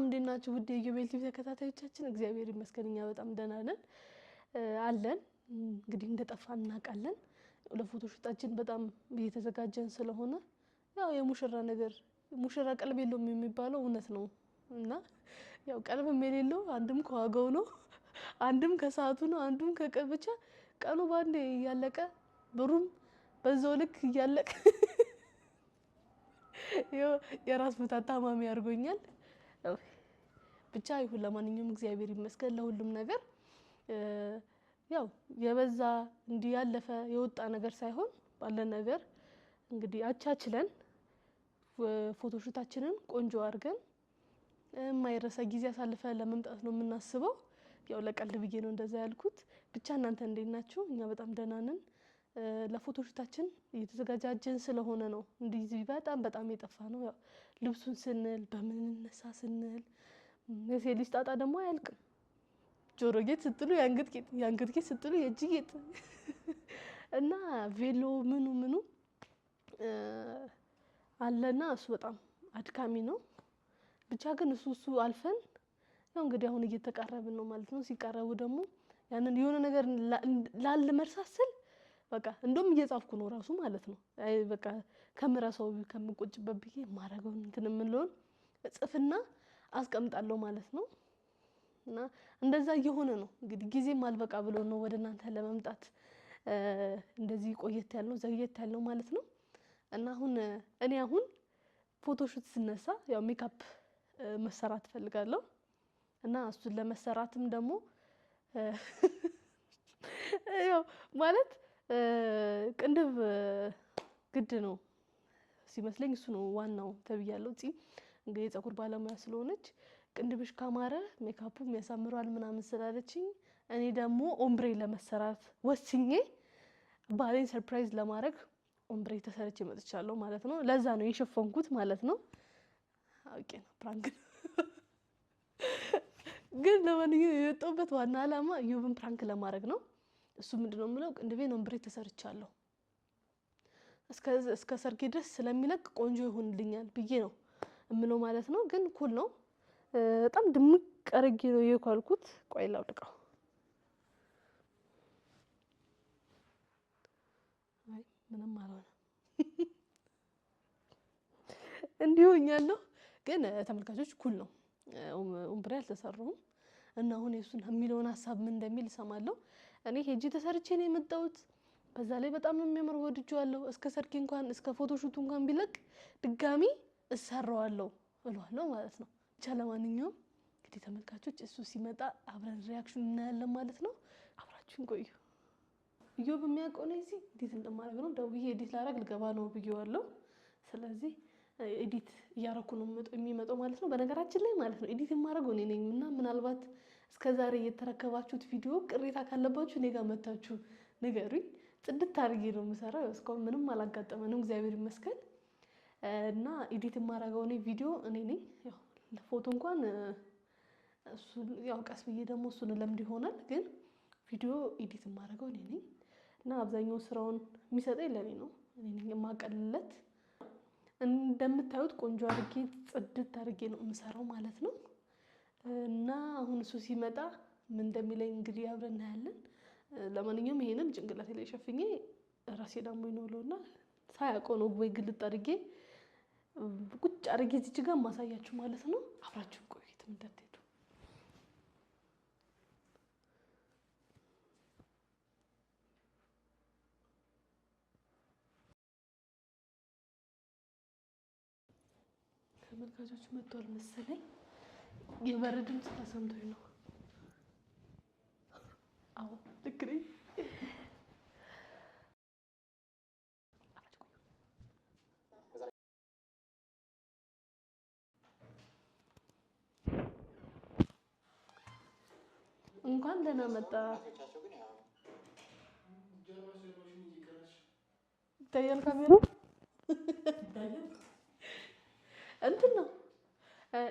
ሰላም እንዴት ናችሁ? ውድ የጊቤል ቲቪ ተከታታዮቻችን፣ እግዚአብሔር ይመስገን እኛ በጣም ደህና ነን አለን። እንግዲህ እንደጠፋ እናውቃለን። ለፎቶ ሹጣችን በጣም እየተዘጋጀን ስለሆነ ያው የሙሽራ ነገር ሙሽራ ቀልብ የለውም የሚባለው እውነት ነው እና ያው ቀልብም የሌለው አንድም ከዋጋው ነው፣ አንድም ከሰዓቱ ነው፣ አንዱም ከቀን ብቻ ቀኑ በአንዴ እያለቀ ብሩም በዛው ልክ እያለቀ የራስ ምታት ታማሚ አድርጎኛል። ብቻ ይሁን። ለማንኛውም እግዚአብሔር ይመስገን ለሁሉም ነገር። ያው የበዛ እንዲህ ያለፈ የወጣ ነገር ሳይሆን ባለን ነገር እንግዲህ አቻችለን ፎቶሹታችንን ቆንጆ አድርገን የማይረሳ ጊዜ አሳልፈ ለመምጣት ነው የምናስበው። ያው ለቀልድ ብዬ ነው እንደዛ ያልኩት። ብቻ እናንተ እንዴት ናችሁ? እኛ በጣም ደህና ነን። ለፎቶሹታችን እየተዘጋጃጀን ስለሆነ ነው እንዲህ በጣም በጣም የጠፋ ነው። ያው ልብሱን ስንል በምንነሳ ስንል የሴት ልጅ ጣጣ ደግሞ አያልቅም። ጆሮ ጌጥ ስትሉ የአንገት ጌጥ፣ የአንገት ጌጥ ስትሉ የእጅ ጌጥ እና ቬሎ ምኑ ምኑ አለና እሱ በጣም አድካሚ ነው። ብቻ ግን እሱ እሱ አልፈን ያው እንግዲህ አሁን እየተቃረብን ነው ማለት ነው። ሲቃረቡ ደግሞ ያንን የሆነ ነገር ላል መርሳስል በቃ እንደውም እየጻፍኩ ነው ራሱ ማለት ነው። በቃ ከምረሳው ከምቆጭበት ብዬ ማረገው እንትን የምንለውን ጽፍና አስቀምጣለሁ ማለት ነው። እና እንደዛ እየሆነ ነው እንግዲህ ጊዜም አልበቃ ብሎ ነው ወደ እናንተ ለመምጣት እንደዚህ ቆየት ያለው ዘግየት ያለው ማለት ነው። እና አሁን እኔ አሁን ፎቶሹት ስነሳ ያው ሜካፕ መሰራት እፈልጋለሁ እና እሱን ለመሰራትም ደግሞ ያው ማለት ቅንድብ ግድ ነው ሲመስለኝ እሱ ነው ዋናው ተብያለሁ። እንግዲህ የፀጉር ባለሙያ ስለሆነች ቅንድብሽ ካማረ ሜካፑ ያሳምረዋል ምናምን ስላለችኝ እኔ ደግሞ ኦምብሬ ለመሰራት ወስኜ ባሌን ሰርፕራይዝ ለማድረግ ኦምብሬ ተሰርቼ መጥቻለሁ ማለት ነው። ለዛ ነው የሸፈንኩት ማለት ነው። አውቄ ነው ፕራንክ ነው። ግን ለማንኛውም የወጣሁበት ዋና አላማ ዩብን ፕራንክ ለማድረግ ነው። እሱ ምንድነው የምለው ቅንድቤን ኦምብሬ ተሰርቻለሁ እስከ ሰርጌ ድረስ ስለሚለቅ ቆንጆ ይሆንልኛል ብዬ ነው የምለው ማለት ነው። ግን ኩል ነው። በጣም ድምቅ አድርጌ ነው የኳልኩት። ቆይ ላውልቀው። ምንም አልሆነ እንዲሁ እኛን ነው። ግን ተመልካቾች ኩል ነው። ኡምብሬ አልተሰራሁም እና አሁን የሱን የሚለውን ሀሳብ ምን እንደሚል እሰማለሁ። እኔ ሄጂ ተሰርቼ ነው የመጣሁት። በዛ ላይ በጣም ነው የሚያምር ወድጄዋለሁ። እስከ ሰርጌ እንኳን እስከ ፎቶ ሹቱ እንኳን ቢለቅ ድጋሚ እሰራዋለሁ እሏለሁ ማለት ነው። ብቻ ለማንኛውም እንግዲህ ተመልካቾች እሱ ሲመጣ አብረን ሪያክሽን እናያለን ማለት ነው። አብራችሁን ቆዩ። እዮብ በሚያውቀው ነው እዚህ እንዴት እንደማድረግ ነው። ደውዬ ኤዲት ላደርግ ልገባ ነው ብዬዋለሁ። ስለዚህ ኤዲት እያረኩ ነው የሚመጣው ማለት ነው። በነገራችን ላይ ማለት ነው ኤዲት የማደርገው እኔ ነኝ እና ምናልባት እስከዛሬ የተረከባችሁት ቪዲዮ ቅሬታ ካለባችሁ እኔ ጋር መታችሁ ንገሩኝ። ጽድት አድርጌ ነው የምሰራው። እስካሁን ምንም አላጋጠመንም፣ እግዚአብሔር ይመስገን። እና ኤዲት የማደርገው እኔ ቪዲዮ እኔ ነኝ። ፎቶ እንኳን ያው ቀስ ብዬ ደግሞ እሱን ለምድ ይሆናል፣ ግን ቪዲዮ ኤዲት የማደርገው እኔ ነኝ እና አብዛኛው ስራውን የሚሰጠኝ ለእኔ ነው። እኔ ነኝ የማቀልለት። እንደምታዩት ቆንጆ አድርጌ ጽድት አድርጌ ነው የምሰራው ማለት ነው። እና አሁን እሱ ሲመጣ ምን እንደሚለኝ እንግዲህ አብረን እናያለን። ለማንኛውም ይሄንን ጭንቅላቴ ላይ ሸፍኜ ራሴ ዳሞ ይኖለውና ሳያውቀው ነው ወይ ግልጥ አድርጌ ቁጭ አድርጌ እዚች ጋር ማሳያችሁ ማለት ነው። አብራችሁ ቆዩ፣ የትም እንዳትሄዱ። ተመልካቾች መጥቷል መሰለኝ። የበር ድምፅ ተሰምቶኝ ነው። አዎ ልክ ነኝ። እንኳን ደህና መጣ። ይታያል ካሜራ እንትን ነው። አይ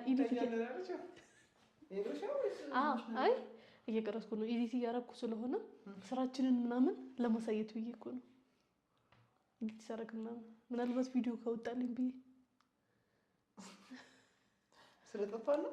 እየቀረስኩ ነው፣ ኢዲት እያረግኩ ስለሆነ ስራችንን ምናምን ለማሳየት ብዬ እኮ ነው። ኢዲት ሳረግ ምናምን ምናልባት ቪዲዮ ከወጣልኝ ብዬ ስለጠፋ ነው።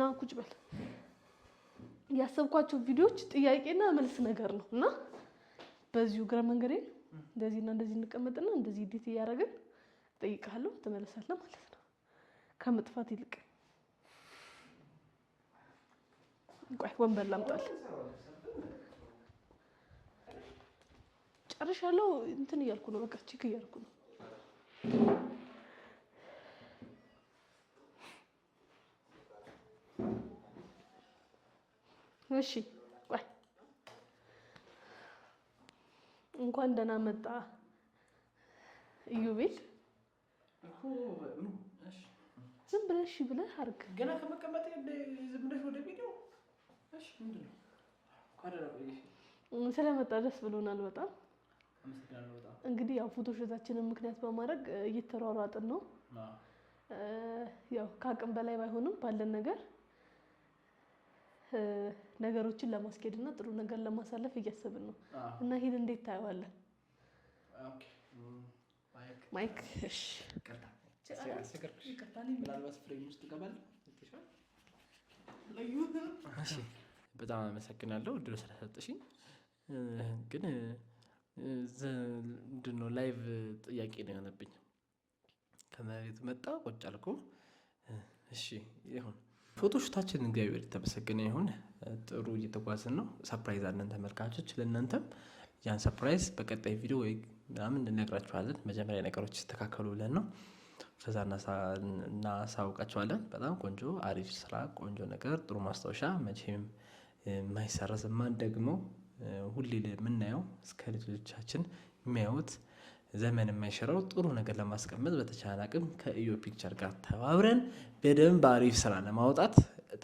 ና ቁጭ በል። ያሰብኳቸው ቪዲዮዎች ጥያቄና መልስ ነገር ነው እና በዚሁ እግረ መንገዴ እንደዚህና እንደዚህ እንቀመጥና እንደዚህ ዲት እያደረግን ጠይቃለሁ ትመለሳለህ ማለት ነው። ከመጥፋት ይልቅ ቆይ ወንበር ላምጣል። ጨርሻለሁ። እንትን እያልኩ ነው፣ በቃ ቼክ እያልኩ ነው። እሺ ቆይ እንኳን ደህና መጣ እዩቤል። ዝም ብለህ እሺ ብለህ አድርግ። ገና ከመቀመጥ ዝም ብለሽ ወደ ቤት ነው። እሺ ምንድን ነው ስለመጣ ደስ ብሎናል በጣም። እንግዲህ ያው ፎቶሾታችንን ምክንያት በማድረግ እየተሯሯጥን ነው። ያው ከአቅም በላይ ባይሆንም ባለን ነገር ነገሮችን ለማስኬድ እና ጥሩ ነገር ለማሳለፍ እያሰብን ነው እና ይህን እንዴት ታየዋለን? ማይክ በጣም አመሰግናለሁ ድሮ ስለሰጥሽኝ። ግን ምንድን ነው ላይቭ ጥያቄ ነው የሆነብኝ። ከመሬት መጣ ቁጭ አልኩ። እሺ ይሁን ፎቶሹታችን እግዚአብሔር የተመሰገነ ይሁን። ጥሩ እየተጓዝን ነው። ሰፕራይዝ አለን ተመልካቾች። ለእናንተም ያን ሰፕራይዝ በቀጣይ ቪዲዮ ወይ ምናምን እንነግራችኋለን። መጀመሪያ ነገሮች ይስተካከሉ ብለን ነው። ከዛ እናሳውቃችኋለን። በጣም ቆንጆ አሪፍ ስራ፣ ቆንጆ ነገር፣ ጥሩ ማስታወሻ፣ መቼም የማይሰረዝ ማን ደግሞ ሁሌ የምናየው እስከ ልጆቻችን የሚያዩት ዘመን የማይሽረው ጥሩ ነገር ለማስቀመጥ በተቻለ አቅም ከኢዮ ፒክቸር ጋር ተባብረን በደንብ አሪፍ ስራ ለማውጣት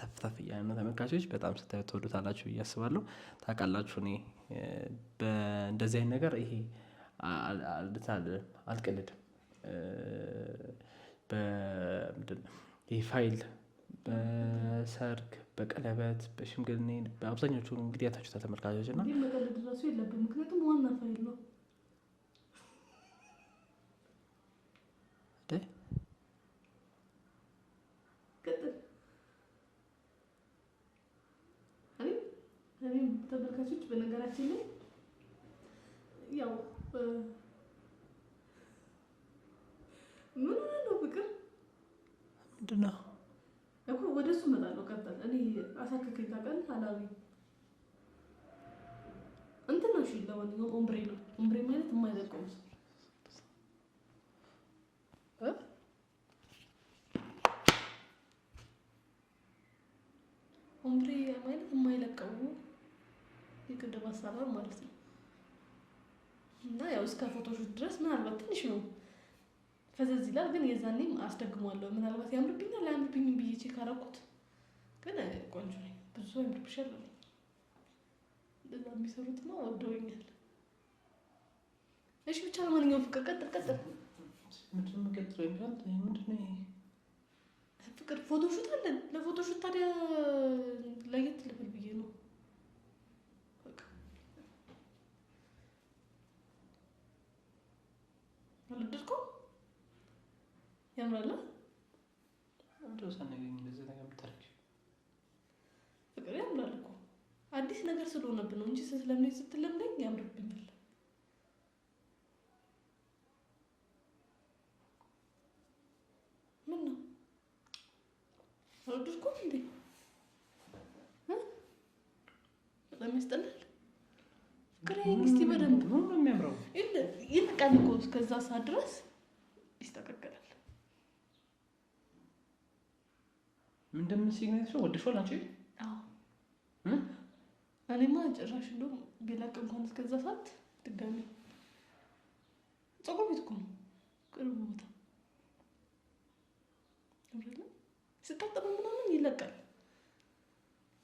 ተፍተፍ እያለ ተመልካቾች በጣም ስታዩ ትወዱታላችሁ ብዬ አስባለሁ። ታውቃላችሁ እኔ እንደዚህ አይነት ነገር ይሄ አልቅልድም። ይህ ፋይል በሰርግ በቀለበት በሽምግልኔ በአብዛኞቹ እንግዲህ ያታችሁታል ተመልካቾች እና ተመልካቾች በነገራችን ላይ ያው ምን ነው ፍቅር ምንድን ነው እኮ ወደ እሱ እመጣለሁ። ቀጠል እኔ አሳክከኝ ታውቃለህ። አላዊ እንትን ነው። እሺ ለማንኛውም ኦምብሬ ነው። ኦምብሬ ማለት የማይለቀው ኦምብሬ ማለት የማይለቀው ልክ እንደ ማሳመር ማለት ነው። እና ያው እስከ ፎቶሾት ድረስ ምናልባት ትንሽ ነው ፈዘዝ ይላል፣ ግን የዛኔም አስደግሟለሁ። ምናልባት ያምርብኛል አያምርብኝም ብዬ ቼክ አደረኩት፣ ግን ቆንጆ ነኝ። ብዙ ሰው ያምርብሻል አለኝ። እንደዛ የሚሰሩት ነው ወደውኛል። እሺ ብቻ ለማንኛውም ፍቅር ቀጥል ቀጥል። ምንድን ነው ቀጥሎ ይላል። ምንድን ነው ይሄ ፍቅር? ፎቶሹት አለን። ለፎቶሹት ታዲያ ለየት ልብል ብዬ ነው ያምራል። እንደው እንደዚህ ነገር ብታረጊ ፍቅር ያምራል እኮ አዲስ ነገር ስለሆነብን ነው እንጂ ስትለምደኝ ስትለምደኝ ያምርብኛል። ምን ነው አልወደድኩም እንዴ? በጣም ያስጠላል። በደንብ የሚያምረው። ይልቃል እኮ እስከዛ ሰዓት ድረስ ይስተካከላል። እንደምን ሲግኔቸር ወድሾ ላንቺ? እኔማ ጭራሽ እንደውም ቢላቅ እንኳን እስከዛ ሰዓት ድጋሚ ጸጉር ቤት እኮ ነው ቅርብ ቦታ ስታጠበ ምናምን ይለቃል።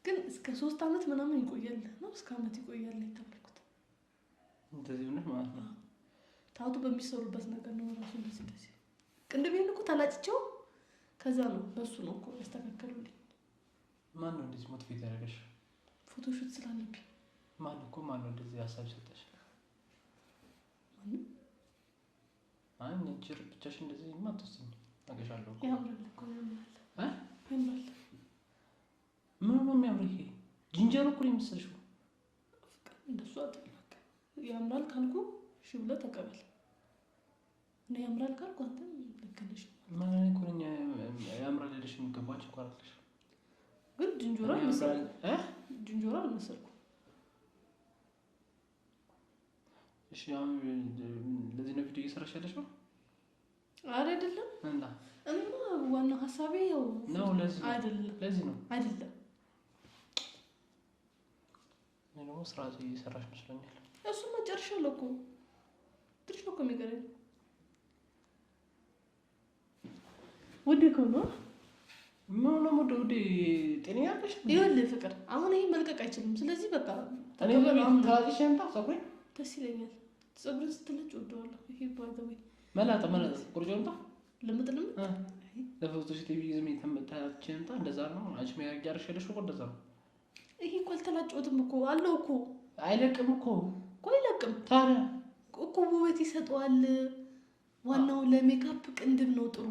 ግን እስከ ሶስት አመት ምናምን ይቆያል ነው እስከ አመት ይቆያል የተባልኩት እንደዚህ ሆነሽ ማለት ነው። ታውቱ በሚሰሩበት ነገር ነው ራሱ እንደዚህ እንደዚህ ቅንድቤን እኮ ተላጭቸው ከዛ ነው በሱ ነው እኮ ያስተካከሉልኝ። ማን ነው እንደዚህ ሞት ሞቲቬት ያደረገሽ? ፎቶ ስላለብ ማን እኮ ማን ነው እንደዚህ ሀሳብ ሰጠሽ? አይ ንጭር ብቻሽ እንደዚህ ማትወስኝ ታገሻለሁ እኮ ያምራል እኮ ያምራል ምን ነው የሚያምር ይሄ ጅንጀሮ እኮ ነው እንደሱ አጥናቀ ያምራል ካልኩ ሽብለ ተቀበል። እኔ ያምራል ካልኩ አንተ ልክ ነሽ ማንን እኮ ነኝ? ያምራል አልመሰልኩም። እሺ አሁን ለዚህ ነው ቪዲዮ እየሰራሽ ያለሽ ነው? አረ አይደለም። እና እና ዋናው ሀሳቤ ያው ነው። ለዚህ አይደለም፣ ለዚህ ነው አይደለም። ስራ እየሰራሽ መስሎኛል። እሱ መጨረሻ ለኮ ትንሽ ነው እኮ የሚገርመኝ ውድ እኮ ነው። ምን ነው ውድ ውድ ጤነኛ ያለሽ ይሁን ፍቅር አሁን ይሄ መልቀቅ አይችልም። ስለዚህ በቃ በጣም ደስ ይለኛል። ፀጉርን ስትለጭ ወደዋለሁ። ይሄ ባዘው መላጣ መላጣ ቁርጭ ወጣ ልምጥ ልምጥ ለፎቶሽ ቴሌቪዥን የተመታችን ጣ እንደዛ ነው። አንቺ ያርሽ ያርሽልሽ እኮ እንደዛ ነው። ይሄ እኮ አልተላጨሁትም እኮ አለው እኮ አይለቅም እኮ እኮ አይለቅም። ታዲያ እኮ ውበት ይሰጠዋል። ዋናው ለሜካፕ ቅንድብ ነው ጥሩ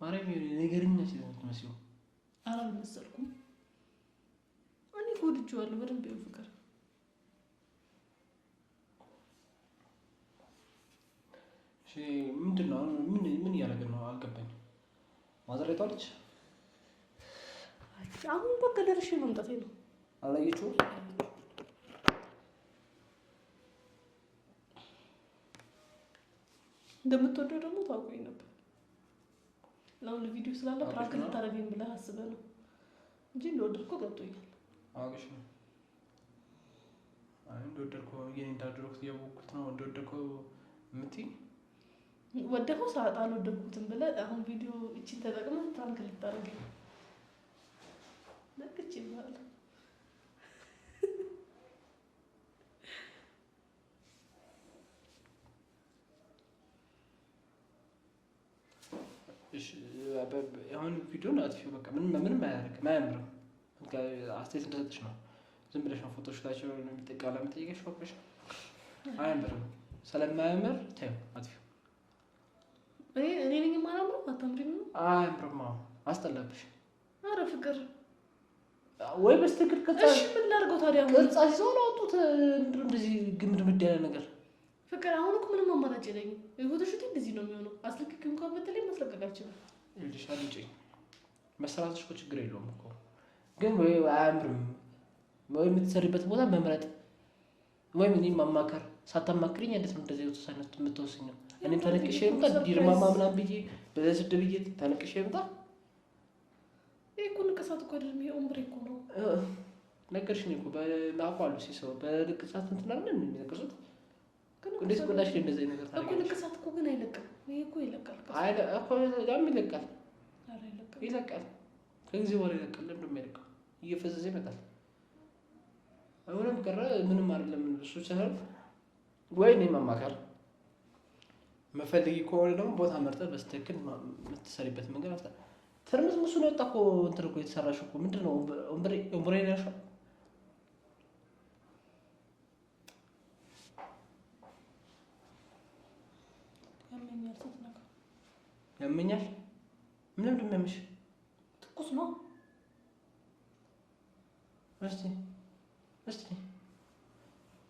ማርያም የሆነ ነገርኛ ሴት የምትመስለው። ኧረ አልመሰልኩም። እኔ እኮ ወድጄዋለሁ በደንብ ይኸው ፍቅር። እሺ ምንድን ነው ምን ምን እያደረግን ነው? አልገባኝም። ማዘሬቷለች። አሁን በቃ ደርሼ መምጣቴ ነው። አላየችውም እንደምትወደው ደግሞ ታውቆኝ ነበር። ለሁሉ ቪዲዮ ስላለ ፕራንክ ልታደርገኝ ብለህ አስበህ ነው እንጂ እንደወደድኩ ገብቶኛል። አውቅሽ ነው። አይ እንደወደድኩ የኔ እንዳደረኩት እያወቅሁት ነው። እንደወደድኩ የምትይኝ ወደድኩ ሳጣ አልወደድኩትም ብለህ አሁን ቪዲዮ እቺን ተጠቅመህ ፕራንክ ልታደርገኝ ነቅች ይባላል አሁን ቪዲዮን አጥፊው በቃ ምን ምንም አያደርግም፣ አያምርም። አስተያየት እንደሰጠች ነው። ዝም ብለሽ ነው ፎቶች ታቸው የሚጠቃላ የሚጠይቀሽ ፎቶች አያምርም። ስለማያምር ተይው አጥፊው። እኔ ነኝ የማላምረው። አታምሪም ነው አያምርም። አስጠላብሽ። አረ ፍቅር ወይ በስተግር ቅርጻ ምን ላድርገው ታዲያ? ቅርጻ ሲሆን አውጡት እንደዚህ ምድ ያለ ነገር ፍቅር አሁን እኮ ምንም አማራጭ የለኝም። የፎቶ ሹት እንደዚህ ነው የሚሆነው። አስለቅቅ እንኳን በተለይ ማስለቀቅ አልችልም። ይልሻል ውጪ መሰራትሽ እኮ ችግር የለውም እኮ ግን ወይ አያምርም ወይ የምትሰሪበት ቦታ መምረጥ ወይም እኔ ማማከር ሳታማክሪኝ እንዴት ነው እንደዚህ ውሳኔ የምትወስኝ ነው? እኔም ተነቅሼ የምጣ ዲርማማ ምናምን ብዬ በዛ ስድ ብዬ ተነቅሼ የምጣ ይሄ ንቅሳት እኮ አይደለም፣ ይሄ ኦምብሬ እኮ ነው። ነገርሽኝ እኮ በማቋሉ ሲሰው በንቅሳት እንትናለን የሚነቅሱት እንዴት ቆላሽ እንደዚህ ነገር ታደርጋለሽ እኮ ንቅሳት እኮ ግን አይለቅም። ይሄ እኮ ይለቃል እኮ በጣም ይለቃል፣ ይለቃል። ከጊዜ በኋላ ይለቃል። ለምን የሚያለቀው እየፈዘዘ ይመጣል። አሁንም ቀረ ምንም አይደለም። እሱ ሲያልፍ ወይ እኔ ማማከር መፈልጊ ከሆነ ደግሞ ቦታ መርጠህ በስትክክል የምትሰሪበት መንገድ አፍታ። ትርምስ ምሱን ያወጣ እኮ እንትን እኮ የተሰራሽ እኮ ምንድን ነው? ያመኛል። ስትነካ ያመኛል። ምንም እንደሚያመሽ ትኩስ ነው። እስቲ እስቲ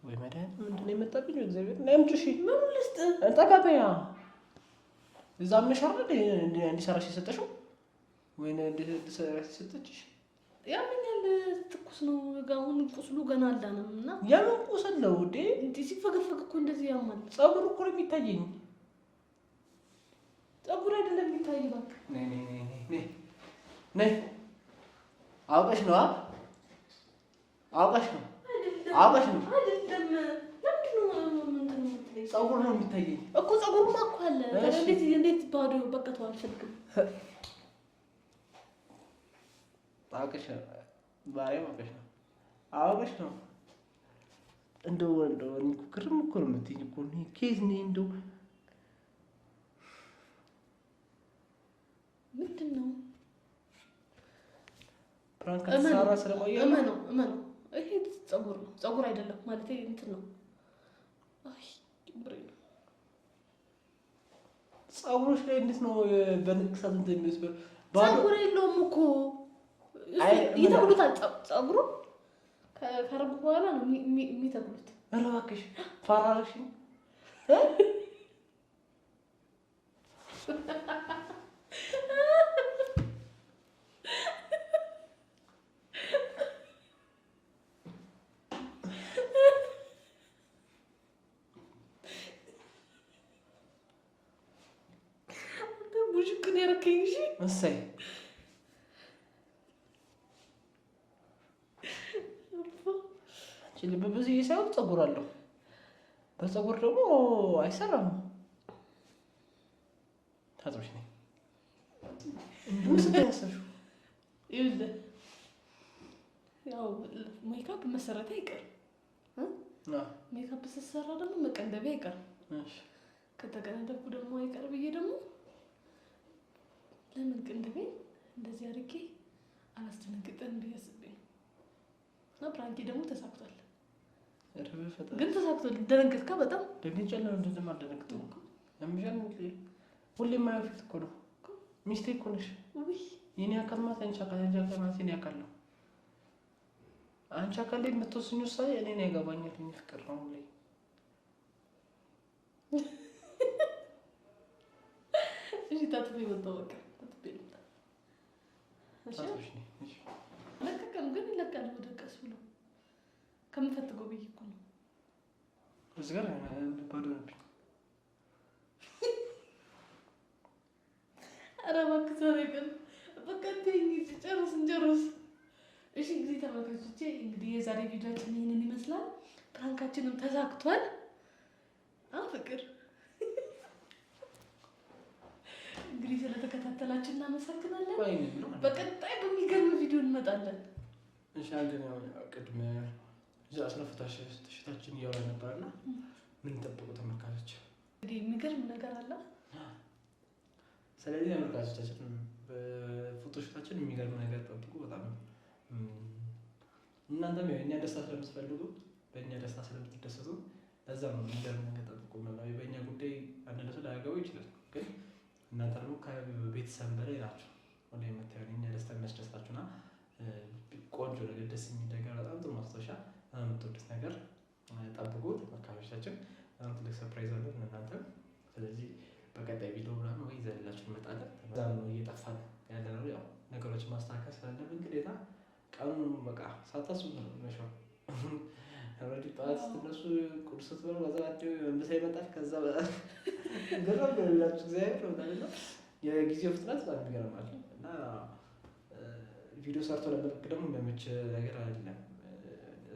ወይ መድኃኒት ምንድን ነው የመጣብኝ? እግዚአብሔር ለምጭ ሺ ምን ልስጥ? ጠጋበያ እዛ ምሻረድ እንዲሰራሽ የሰጠሽው ወይ እንዲሰራሽ የሰጠችሽ? ያመኛል። ትኩስ ነው። አሁን ቁስሉ ገና አላነም እና ያምን ቁስለው እንዴ ሲፈገፈግ እኮ እንደዚህ ያማል። ጸጉር እኮ ነው የሚታየኝ ነይ። አውቀሽ ነው አውቀሽ ነው አውቀሽ ነው። ፀጉር ነው የሚታየኝ እኮ ፀጉርማ እኮ አለ። እንዴት ባዶ በቀተው አልፈልግም። አውቀሽ ነው ባሪያም አውቀሽ ነው አውቀሽ ነው እንደው እንደው እኮ ግርም እኮ ነው የምትይኝ እኮ ኬዝ እንደው ምንድን ነው ፕራንክ ተሰራ ይሄ ጸጉር ነው ጸጉር አይደለም ማለት እንትን ነው። አይ ጸጉሮች ላይ እንዴት ነው በንቅሳት እንትን የሚወስደው? ጸጉር የለውም እኮ ይተክሉታል። ጸጉሩ ከረቡ በኋላ ነው የሚተክሉት። ኧረ እባክሽ ፋራሽ እሰይ ብዙ ሳይሆን ፀጉር አለው። በፀጉር ደግሞ አይሰራም። ታጥሮች ነኝ ሜካፕ መሰራት አይቀርም። ሜካፕ ስትሰራ ደግሞ መቀንደቢያ አይቀርም። ከተቀነደብኩ ደግሞ አይቀር ብዬ ደግሞ ለምን ቅንድቤን እንደዚህ አድርጌ አላስደነግጠን እንዲያስብኝ እና ፕራንኬ ደግሞ ተሳክቷል። ግን ተሳክቶ ደነገጥካ? በጣም ደግንጨለው እንደዚህ ለሚሻል ሁሌ እኮ ነው። እኮ ነሽ። የኔ አካል ማለት አንቺ አካል፣ አንቺ አካል ማለት የኔ አካል ነው። አንቺ አካል ላይ የምትወስኝ ውሳኔ ያገባኛል። የኔ ፍቅር ነው ሁሌ እሺ ታጥፎ ይወጣ በቃ ለቀቀም ግን ይለቃል ወደ ቀስ ብሎ ከምፈትገው ብዬ እኮ ነው። እዚህ ጋር ባዶ ነብኝ። ኧረ እባክህ ዛሬ ግን በቃ እሺ እንግዲህ ተመልካቾቼ እንግዲህ የዛሬ ቪዲዮችን ይህንን ይመስላል። ፕራንካችንም ተሳክቷል። አዎ ፍቅር እንግዲህ ስለተከታተላችሁ እናመሰግናለን። በቀጣይ በሚገርም ቪዲዮ እንመጣለን። እሺ አንደኛው ቅድመ እዛ አስረፍታሽታችን እያወራ ነበርና ምን ጠብቁ ተመልካቾች፣ እንግዲህ የሚገርም ነገር አለ። ስለዚህ ተመልካቾቻችን በፎቶሽታችን የሚገርም ነገር ጠብቁ። በጣም እናንተም እኛ ደስታ ስለምትፈልጉ በእኛ ደስታ ስለምትደሰቱ ለዛ ነው የሚገርም ነገር ጠብቁ። በእኛ ጉዳይ አንድ ሰው ላያገባው ይችላል ግን እናንተ ደግሞ ከቤተሰብ በላይ ናቸው። ሁሌ የምታዩን እኛ ደስታ የሚያስደስታችሁና ቆንጆ ነገር ደስ የሚል ነገር በጣም ጥሩ ማስታወሻ የምትወዱት ነገር ጠብቁ። ተመልካቾቻችን በጣም ትልቅ ሰርፕራይዝ አለ እናንተ። ስለዚህ በቀጣይ ቪዲዮ ምናምን ወይ ይዘንላችሁ እንመጣለን። በጣም ነው እየጠፋን ያለ ነው። ያው ነገሮች ማስተካከል ስላለብን ግዴታ ቀኑ በቃ ሳታስቡ ነው መሸው ኦልሬዲ ጠዋት ስትነሱ ቁርስ ስትበሉ ከዛቸው መንበሳ ይመጣል። ከዛ በጣም ገረም ገላችሁ እግዚአብሔር ነው ታለ የጊዜው ፍጥነት በጣም ይገርማል። እና ቪዲዮ ሰርቶ ለመልክ ደግሞ የሚያመች ነገር አይደለም።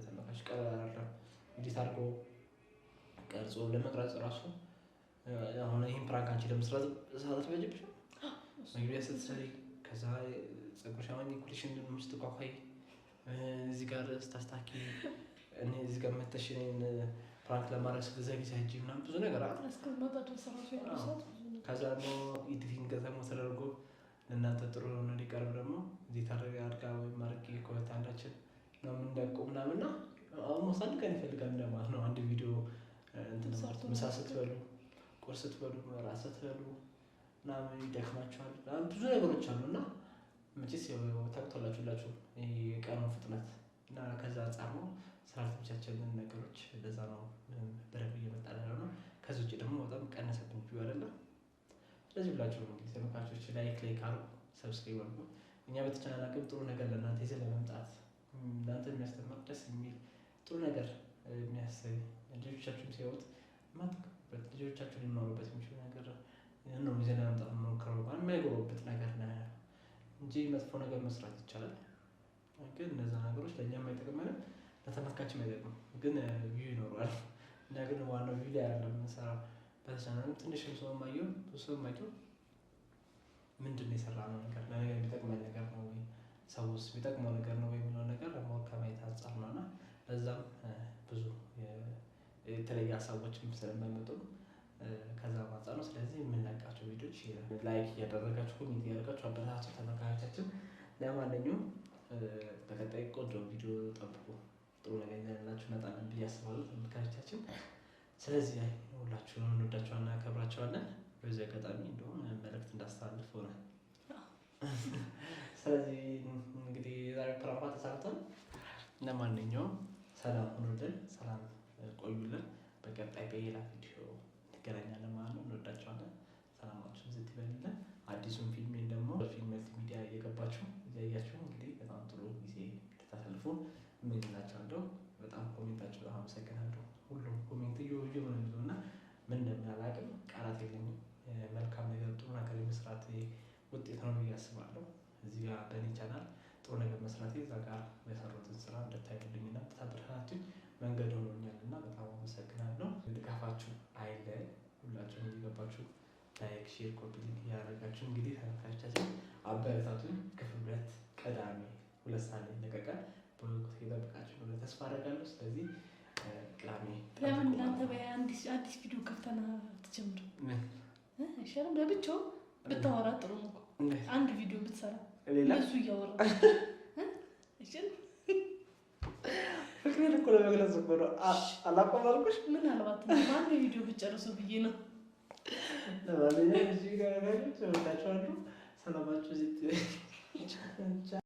ተመልካች ቀላል እንዴት ኤዲት አድርጎ ቀርጾ ለመቅረጽ ራሱ አሁን ይህን ፕራንክ አንቺ ለመስራት ሰዓታት በጅብ መግቢያ ስትሰሪ ከዛ ፀጉር ሻማኝ ኩልሽን ስትኳኳይ እዚህ ጋር ስታስታኪ እኔ እዚህ ጋር መተሽ እኔን ፕራንክ ለማድረግ ስትዘጊ ሳይጂ ምናምን ብዙ ነገር አለ። ከዛ ደግሞ ኢዲቲንግ ገጠሞ ተደርጎ ለእናንተ ጥሩ የሆነ ሊቀርብ ደግሞ እዚህ ታደረገ አድጋ ወይም አድርጌ ከወት አንዳችን ነው የምንደቁም ምናምን እና አሁን አንድ ቀን ይፈልጋል እንደማለት ነው። አንድ ቪዲዮ ምሳ ስትበሉ፣ ቁርስ ስትበሉ፣ ራት ስትበሉ ምናምን ይደክማችኋል። ብዙ ነገሮች አሉ እና መቼስ ታውቁታላችሁላችሁ የቀኑ ፍጥነት እና ከዛ አንጻር ነው ስላልተመቻቸልን ነገሮች በዛ ነው በረፍ እየመጣ ያለ ነው። ከዚህ ውጭ ደግሞ በጣም ቀነሰብን ቪው አይደለ። ስለዚህ ብላችሁ ነው እንግዲህ ተመልካቾች ላይክ ላይክ አድርጉ፣ ሰብስክራይብ አድርጉ። እኛ በተቻለ አቅም ጥሩ ነገር ለእናንተ ይዘን ለመምጣት እናንተ የሚያስተምር ደስ የሚል ጥሩ ነገር የሚያሳይ ልጆቻችሁም ሲያዩት ማትበት ልጆቻችሁ ሊማሩበት የሚችሉ ነገር ነው ይዘን ለመምጣት ሞክረው የማይጎሩበት ነገር ነው እንጂ መጥፎ ነገር መስራት ይቻላል። ግን እነዛ ነገሮች ለእኛ የማይጠቅመንም ለተመልካችም ነው፣ ግን ቪው ይኖረዋል። እና ግን ዋናው ቪው ላይ አይደለም የምንሰራው። በተቻለን ትንሽም ሰው ማየው ሰው ማየው ምንድን ነው ነው ነገር ለነገር የሚጠቅመን ነገር ነው ወይ ሰውስ የሚጠቅመው ነገር ነው ወይ የሚለው ነገር ለማወቅ ከማየት አንጻር ነው እና በዛም ብዙ የተለየ ሀሳቦችም ስለማይመጡ ከዛ አንጻር ነው። ስለዚህ የምንለቃቸው ቪዲዮች ላይክ እያደረጋችሁ ኮሜንት እያደረጋችሁ አበረታችሁ ተመልካቾቻችን። ለማንኛውም በቀጣይ ቆንጆ ቪዲዮ ጠብቁ። ጥሩ ነገር ይዘንላችሁ መጣለን ብዬ አስባለሁ ተመልካቾቻችን። ስለዚህ ሁላችሁንም እንወዳችኋለን እናከብራችኋለን። በዚህ አጋጣሚ እንደውም መልእክት እንዳስተላልፍ ሆነ። ስለዚህ እንግዲህ ዛሬ ፕራፓ ተሰርቷል። ለማንኛውም ሰላም ሁኑልን፣ ሰላም ቆዩልን። በቀጣይ በሌላ ቪዲዮ እንገናኛለን ማለት ነው። እንወዳችኋለን። ሰላማችሁን ዝት ይበልልን። አዲሱን ፊልሜን ደግሞ በፊልም መልቲሚዲያ እየገባችሁ እያያችሁ እንግዲህ በጣም ጥሩ ጊዜ እንድታሳልፉ እንዴት ናቸው? እንደው በጣም ኮሜንታቸው አመሰግናለሁ። ሁሉም ኮሜንት እየሆነ ነው እና ምን እንደምን አላውቅም፣ ቃላት የለኝም። መልካም ነገር ጥሩ ነገር የመስራት ውጤት ነው ብዬ አስባለሁ። እዚህ ጋር በእኔ ቻናል ጥሩ ነገር መስራት እዛ ጋር የሰሩትን ስራ እንድታይልኝ እና እንድታበረታቱኝ መንገድ ሆኖኛል እና በጣም አመሰግናለሁ። ድጋፋችሁ አይለይ። ሁላችሁም እየገባችሁ ላይክ፣ ሼር፣ ኮፒሊንግ እያደረጋችሁ እንግዲህ ተመልካቾቻችን አበረታቱኝ። ክፍል ሁለት ቀዳሚ ሁለት ሰዓት ይለቀቃል። በወቅቱ ይጠብቃችሁ ነው ተስፋ አደርጋለሁ። ስለዚህ ቅዳሜ ለምን እናንተ አዲስ ቪዲዮ ከፍተና ትጀምሩ አይሻልም? ለብቻው ብታወራ ጥሩ ነው። አንድ ቪዲዮ ብትሰራ እሱ እያወራ ፍቅሬን እኮ ለመግለጽ እኮ ነው። አላቆም አልኩሽ። ምናልባት በአንድ ቪዲዮ ብትጨርሱ ብዬ ነው። ለማንኛውም እዚህ ጋር ሰላማችሁ